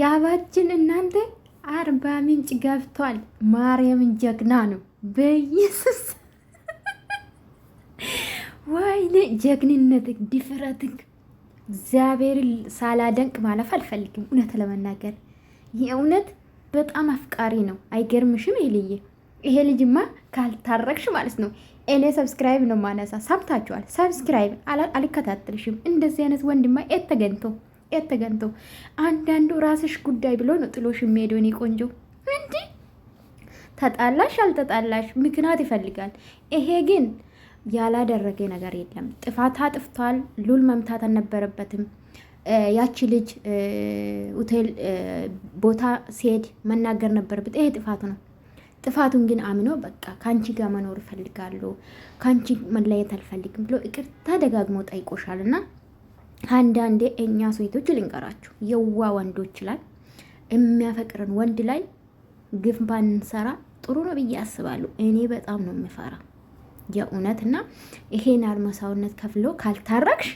ያባችን እናንተ አርባ ምንጭ ገብቷል። ማርያምን ጀግና ነው በኢየሱስ ወይኔ ጀግንነት ድፍረትክ እግዚአብሔርን ሳላደንቅ ማለፍ አልፈልግም። እውነት ለመናገር የእውነት በጣም አፍቃሪ ነው። አይገርምሽም? ይልዬ ይሄ ልጅማ ካልታረቅሽ ማለት ነው። እኔ ሰብስክራይብ ነው ማነሳ። ሰምታችኋል። ሰብስክራይብ አልከታተልሽም። እንደዚህ አይነት ወንድማ የት ተገኝቶ የት ተገንተው አንዳንዱ ራስሽ ጉዳይ ብሎ ነው ጥሎሽ የሚሄደው። እኔ ቆንጆ እንዲ ተጣላሽ አልተጣላሽ ምክንያት ይፈልጋል። ይሄ ግን ያላደረገ ነገር የለም። ጥፋት አጥፍቷል። ሉል መምታት አልነበረበትም። ያቺ ልጅ ሆቴል ቦታ ሲሄድ መናገር ነበረበት። ይሄ ጥፋቱ ነው። ጥፋቱን ግን አምኖ በቃ ከአንቺ ጋር መኖር እፈልጋለሁ፣ ከአንቺ መለየት አልፈልግም ብሎ ይቅርታ ደጋግሞ ጠይቆሻል እና አንዳንዴ እኛ ሴቶች ልንቀራችሁ የዋ ወንዶች ላይ የሚያፈቅርን ወንድ ላይ ግፍ ባንሰራ ጥሩ ነው ብዬ አስባለሁ። እኔ በጣም ነው የምፈራ የእውነት እና ይሄን አልመሳውነት ከፍሎ ካልታረቅሽ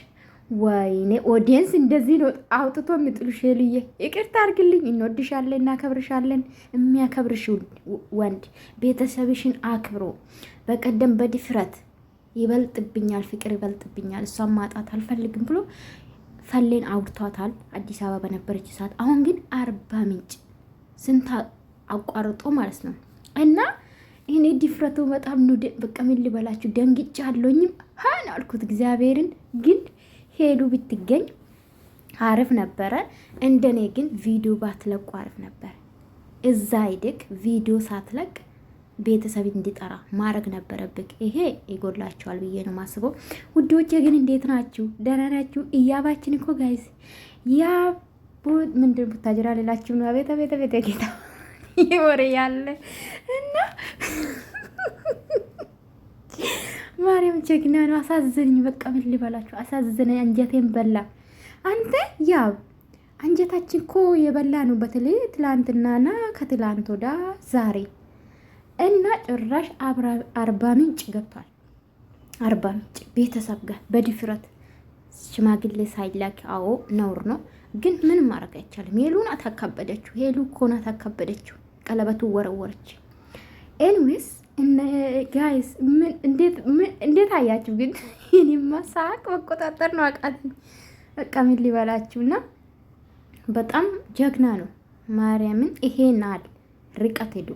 ወይኔ ኦዲየንስ እንደዚህ ነው አውጥቶ የምጥሉሽ። ልዬ ይቅርታ አርግልኝ። እንወድሻለን፣ እናከብርሻለን። የሚያከብርሽ ወንድ ቤተሰብሽን አክብሮ በቀደም በድፍረት ይበልጥብኛል፣ ፍቅር ይበልጥብኛል፣ እሷን ማጣት አልፈልግም ብሎ ፈሌን አውርቷታል አዲስ አበባ በነበረች ሰዓት። አሁን ግን አርባ ምንጭ ስንት አቋርጦ ማለት ነው። እና እኔ ድፍረቱ በጣም ነው። በቃ ምን ልበላችሁ ደንግጭ አለኝም ሀን አልኩት እግዚአብሔርን። ግን ሄዱ ብትገኝ አሪፍ ነበረ። እንደኔ ግን ቪዲዮ ባትለቁ አሪፍ ነበር። እዛ አይደግ ቪዲዮ ሳትለቅ ቤተሰብ እንዲጠራ ማድረግ ነበረብክ። ይሄ ይጎላቸዋል ብዬ ነው ማስበው። ውዶቼ ግን እንዴት ናችሁ? ደህና ናችሁ? እያባችን እኮ ጋይዝ ያ ምንድን ብታጅራ ሌላችሁ ነው ቤተ ቤተ ቤተ ጌታ ይወር ያለ እና ማርያም ጀግና ነው። አሳዘነኝ። በቃ ምን ሊበላችሁ አሳዘነኝ። አንጀቴን በላ። አንተ ያው አንጀታችን እኮ የበላ ነው። በተለይ ትላንትናና ከትላንት ወዳ ዛሬ እና ጭራሽ አርባ ምንጭ ገብቷል። አርባ ምንጭ ቤተሰብ ጋር በድፍረት ሽማግሌ ሳይላክ አዎ ነውር ነው፣ ግን ምንም ማድረግ አይቻልም። ሄሉን አታካበደችው። ሄሉ እኮ ናት አካበደችው። ቀለበቱ ወረወረች። ኤንዌስ ጋይስ እንዴት አያችሁ? ግን እኔማ ሳቅ መቆጣጠር ነው አቃተኝ። በቃ ምን ሊበላችሁ እና በጣም ጀግና ነው። ማርያምን ይሄ ናል ርቀት ሄዱ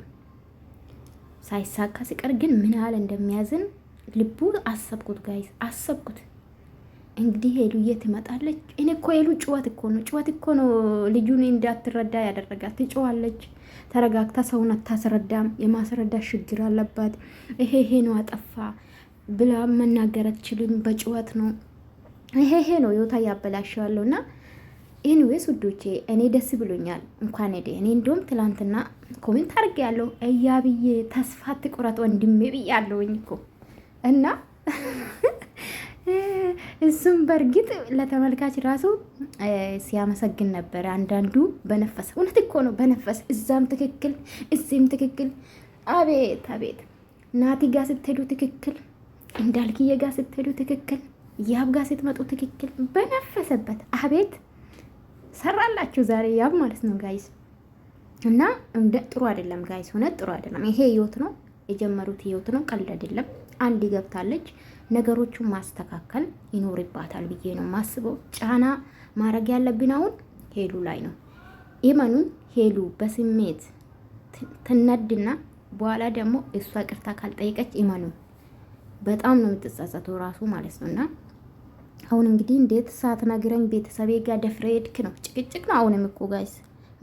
ሳይሳካ ሲቀር ግን ምን ያህል እንደሚያዝን ልቡ አሰብኩት። ጋይስ አሰብኩት። እንግዲህ ሄሉ የት ትመጣለች? እኔ እኮ ሄሉ ጭዋት እኮ ነው ጭዋት እኮ ነው ልጁን እንዳትረዳ ያደረጋት። ትጭዋለች፣ ተረጋግታ ሰውን አታስረዳም። የማስረዳት ችግር አለባት። ይሄ ይሄ ነው አጠፋ ብላ መናገር አትችልም። በጭዋት ነው ይሄ ይሄ ነው ህይወታ ያበላሸዋለሁ እና ኤኒዌይስ ውዶቼ እኔ ደስ ብሎኛል። እንኳን ሄደ እኔ እንዲሁም ትላንትና ኮሜንት አድርጌ ያለው እያ ብዬ ተስፋ ትቁረጥ ወንድሜ ብዬ ያለውኝ እኮ እና እሱም በእርግጥ ለተመልካች ራሱ ሲያመሰግን ነበር አንዳንዱ በነፈሰ እውነት እኮ ነው በነፈሰ እዛም ትክክል እዚህም ትክክል። አቤት አቤት ናቲ ጋ ስትሄዱ ትክክል፣ እንዳልክዬ ጋ ስትሄዱ ትክክል፣ ያብ ጋ ስትመጡ ትክክል። በነፈሰበት አቤት ሰራላችሁ ዛሬ ያብ ማለት ነው ጋይስ። እና እንደ ጥሩ አይደለም ጋይስ፣ እውነት ጥሩ አይደለም። ይሄ ህይወት ነው የጀመሩት ህይወት ነው፣ ቀልድ አይደለም። አንድ ገብታለች፣ ነገሮቹን ማስተካከል ይኖርባታል ብዬ ነው ማስበው። ጫና ማድረግ ያለብን አሁን ሄሉ ላይ ነው። ኢመኑን ሄሉ በስሜት ትነድና በኋላ ደግሞ እሷ ቅርታ ካልጠየቀች ይመኑ በጣም ነው የምትጸጸተው ራሱ ማለት ነው እና አሁን እንግዲህ እንዴት ሳትነግረኝ ቤተሰቤ ጋር ደፍረ ሄድክ ነው። ጭቅጭቅ ነው። አሁንም እኮ ጋይስ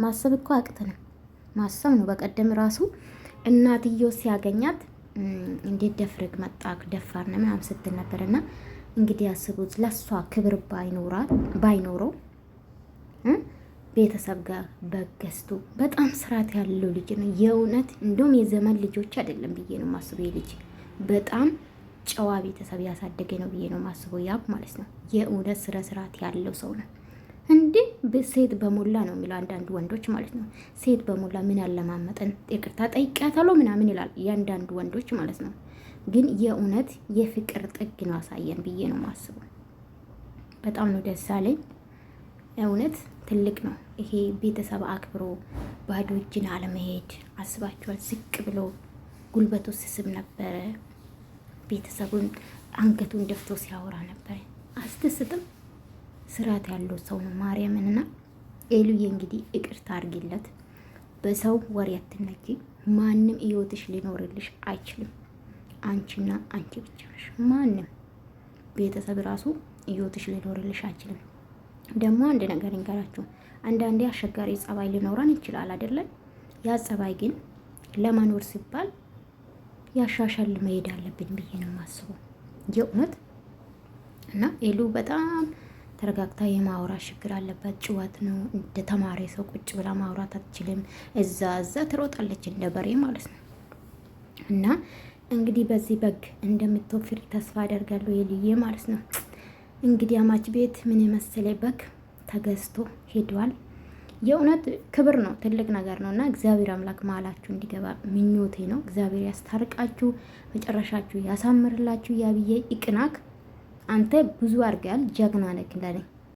ማሰብ እኮ አቅተንም ማሰብ ነው። በቀደም ራሱ እናትየው ሲያገኛት እንዴት ደፍረግ መጣክ ደፋር ነው ምናምን ስትል ነበር። እና እንግዲህ ያስቡት ለሷ ክብር ባይኖረው ቤተሰብ ጋር በገዝቶ በጣም ስርዓት ያለው ልጅ ነው የእውነት እንደውም የዘመን ልጆች አይደለም ብዬ ነው ማስበው ልጅ በጣም ጨዋ ቤተሰብ ያሳደገ ነው ብዬ ነው ማስበው። ያብ ማለት ነው የእውነት ስረ ስርዓት ያለው ሰው ነው። እንዲህ ሴት በሞላ ነው የሚለው አንዳንድ ወንዶች ማለት ነው። ሴት በሞላ ምን ያለማመጠን ይቅርታ ጠይቂያታለሁ ምናምን ይላል የአንዳንዱ ወንዶች ማለት ነው። ግን የእውነት የፍቅር ጥግ ነው አሳየን ብዬ ነው ማስበው። በጣም ነው ደስ አለኝ። እውነት ትልቅ ነው ይሄ ቤተሰብ አክብሮ ባዶ እጅን አለመሄድ። አስባችኋል? ዝቅ ብሎ ጉልበቱ ስስብ ነበረ ቤተሰቡን አንገቱን ደፍቶ ሲያወራ ነበር። አስደስትም ስርዓት ያለው ሰው ነው። ማርያምንና ኤሉዬ እንግዲህ ይቅርታ አድርጊለት። በሰው ወሬ አትነኪ። ማንም ህይወትሽ ሊኖርልሽ አይችልም። አንቺና አንቺ ብቻ ነሽ። ማንም ቤተሰብ ራሱ ህይወትሽ ሊኖርልሽ አይችልም። ደግሞ አንድ ነገር እንገራችሁ። አንዳንዴ አስቸጋሪ ጸባይ ሊኖረን ይችላል አይደለም? ያ ጸባይ ግን ለመኖር ሲባል ያሻሻል መሄድ አለብኝ ብዬ ነው የማስበው የእውነት እና ኤሉ በጣም ተረጋግታ የማውራት ችግር አለባት። ጭዋት ነው። እንደ ተማሪ ሰው ቁጭ ብላ ማውራት አትችልም። እዛ እዛ ትሮጣለች እንደ በሬ ማለት ነው። እና እንግዲህ በዚህ በግ እንደምትወፍር ተስፋ አደርጋለሁ የልዬ ማለት ነው። እንግዲህ አማች ቤት ምን የመሰለ በግ ተገዝቶ ሄዷል። የእውነት ክብር ነው፣ ትልቅ ነገር ነው እና እግዚአብሔር አምላክ መሀላችሁ እንዲገባ ምኞቴ ነው። እግዚአብሔር ያስታርቃችሁ፣ መጨረሻችሁ ያሳምርላችሁ። ያብዬ ይቅናክ። አንተ ብዙ አድርገሃል፣ ጀግና ነህ